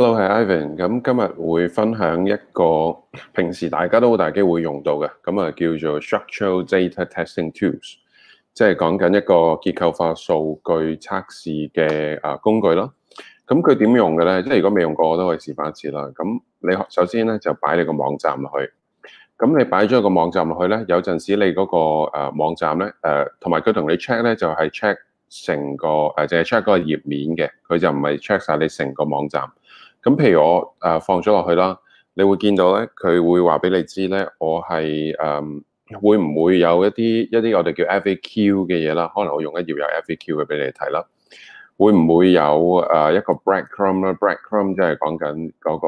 Hello，係 Ivan。咁今日會分享一個平時大家都好大機會用到嘅，咁啊叫做 Structural Data Testing Tools，即係講緊一個結構化數據測試嘅啊工具咯。咁佢點用嘅咧？即係如果未用過，我都可以示範一次啦。咁你首先咧就擺你個網站落去，咁你擺咗個網站落去咧，有陣時你嗰個誒網站咧誒，同埋佢同你 check 咧，就係 check 成個誒，淨係 check 嗰個頁面嘅，佢就唔係 check 晒你成個網站。咁譬如我誒放咗落去啦，你會見到咧，佢會話俾你知咧，我係誒會唔會有一啲一啲我哋叫 FAQ 嘅嘢啦，可能我用一頁有 FAQ 嘅俾你睇啦，會唔會有誒一個 breadcrumb 啦？breadcrumb 即係講緊嗰、嗰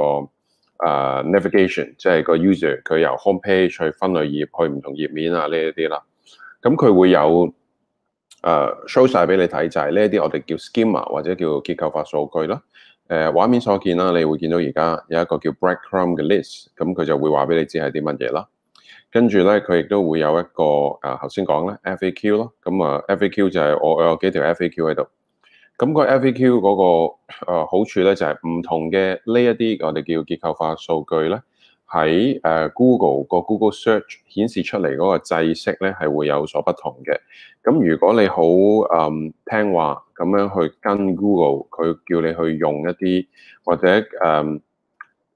個、uh, navigation，即係個 user 佢由 home page 去分類頁去唔同頁面啊呢一啲啦，咁佢會有誒、uh, show 晒俾你睇，就係呢一啲我哋叫 schema 或者叫結構化數據啦。誒畫面所見啦，你會見到而家有一個叫 breadcrumb 嘅 list，咁佢就會話俾你知係啲乜嘢啦。跟住咧，佢亦都會有一個啊頭先講咧 FAQ 咯。咁 FA 啊 FAQ 就係、是、我，我有幾條 FAQ 喺度。咁、那個 FAQ 嗰、那個、啊、好處咧，就係、是、唔同嘅呢一啲我哋叫結構化數據咧，喺誒 Google 個 Google Search 顯示出嚟嗰個制式咧，係會有所不同嘅。咁如果你好誒、嗯、聽話。咁樣去跟 Google，佢叫你去用一啲或者誒誒，um,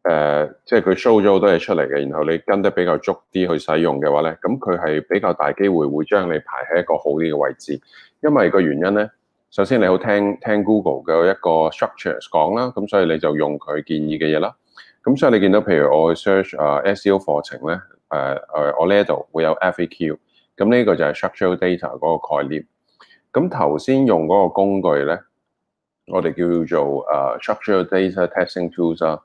uh, 即係佢 show 咗好多嘢出嚟嘅，然後你跟得比較足啲去使用嘅話咧，咁佢係比較大機會會將你排喺一個好啲嘅位置，因為個原因咧，首先你好聽聽 Google 嘅一個 structures 講啦，咁所以你就用佢建議嘅嘢啦。咁所以你見到譬如我去 search 啊 SEO 課程咧，誒誒，我呢度會有 FAQ，咁呢個就係 structural data 嗰個概念。咁頭先用嗰個工具咧，我哋叫做誒 Structured data testing tools 啊、uh,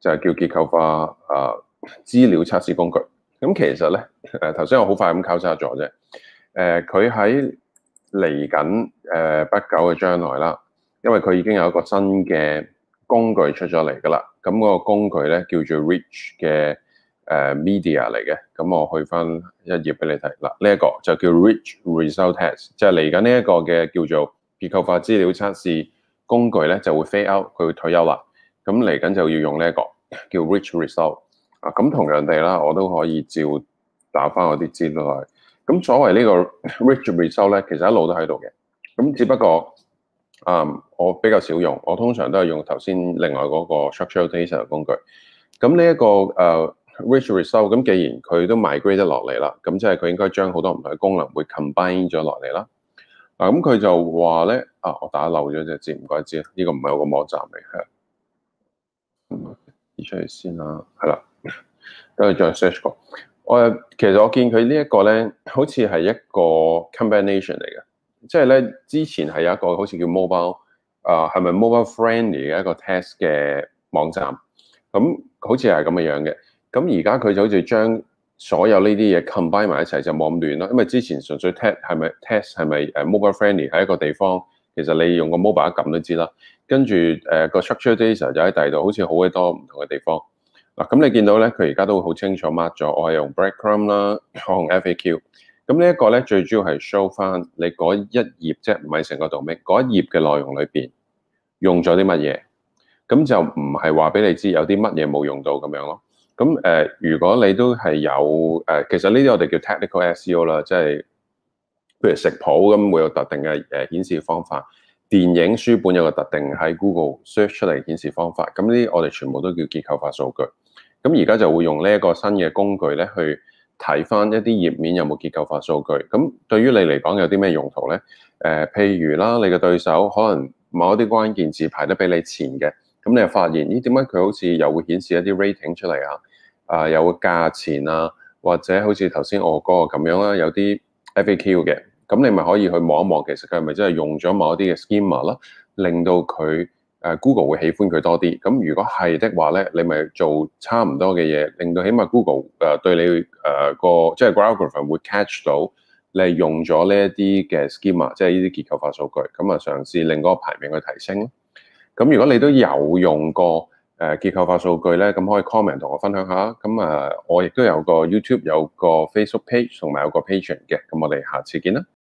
就係叫結構化誒、uh, 資料測試工具。咁、嗯、其實咧誒頭先我好快咁交叉咗啫。誒佢喺嚟緊誒不久嘅將來啦，因為佢已經有一個新嘅工具出咗嚟噶啦。咁、嗯、嗰、那個工具咧叫做 Rich 嘅。誒 media 嚟嘅，咁我去翻一頁俾你睇嗱，呢一、這個就叫 Rich Result Test，就係嚟緊呢一個嘅叫做結構化資料測試工具咧，就會 fail out 佢會退休啦，咁嚟緊就要用呢、這、一個叫 Rich Result 啊，咁、嗯、同樣地啦，我都可以照打翻我啲資料落去。咁所謂個呢個 Rich Result 咧，其實一路都喺度嘅，咁只不過啊、嗯，我比較少用，我通常都係用頭先另外嗰個 Structural Data 工具。咁呢一個誒。呃 Rich result 咁，既然佢都 migrate 得落嚟啦，咁即係佢應該將好多唔同嘅功能會 combine 咗落嚟啦。嗱，咁佢就話咧，啊，我打漏咗隻字，唔怪知啦。呢、這個唔係我個網站嚟嘅。嗯，移出去先啦，係啦，跟住再 search 過。我其實我見佢呢一個咧，好似係一個 combination 嚟嘅，即係咧之前係有一個好似叫 mobile，啊、呃，係咪 mobile friendly 嘅一個 test 嘅網站？咁好似係咁嘅樣嘅。咁而家佢就好似將所有呢啲嘢 combine 埋一齊，就冇咁亂咯。因為之前純粹 test 係咪 test 係咪誒 mobile friendly 喺一個地方，其實你用個 mobile 一撳都知啦。跟住誒個 structure data 就喺第二度，好似好鬼多唔同嘅地方嗱。咁你見到咧，佢而家都會好清楚 mark 咗，我係用 breadcrumb 啦，我用 F A Q。咁呢一個咧，最主要係 show 翻你嗰一頁，即係唔係成個 domain，嗰一頁嘅內容裏邊用咗啲乜嘢，咁就唔係話俾你知有啲乜嘢冇用到咁樣咯。咁誒，如果你都係有誒，其實呢啲我哋叫 technical SEO 啦，即係譬如食譜咁，會有特定嘅誒顯示方法；電影書本有個特定喺 Google search 出嚟顯示方法。咁呢啲我哋全部都叫結構化數據。咁而家就會用呢一個新嘅工具咧，去睇翻一啲頁面有冇結構化數據。咁對於你嚟講，有啲咩用途咧？誒、呃，譬如啦，你嘅對手可能某一啲關鍵字排得比你前嘅，咁你又發現咦點解佢好似又會顯示一啲 rating 出嚟啊？啊，有價錢啊，或者好似頭先我嗰個咁樣啦，有啲 FAQ 嘅，咁你咪可以去望一望，其實佢係咪真係用咗某一啲嘅 schema 啦，令到佢誒、啊、Google 會喜歡佢多啲。咁如果係的話咧，你咪做差唔多嘅嘢，令到起碼 Google 誒、呃、對你誒、呃、個即係、就是、grapher 會 catch 到你係用咗呢一啲嘅 schema，即係呢啲結構化數據，咁啊嘗試令嗰個排名去提升。咁如果你都有用過。誒，結構化數據咧，咁可以 comment 同我分享下。咁啊，我亦都有個 YouTube，有個 Facebook page，同埋有個 Patreon 嘅。咁我哋下次見啦。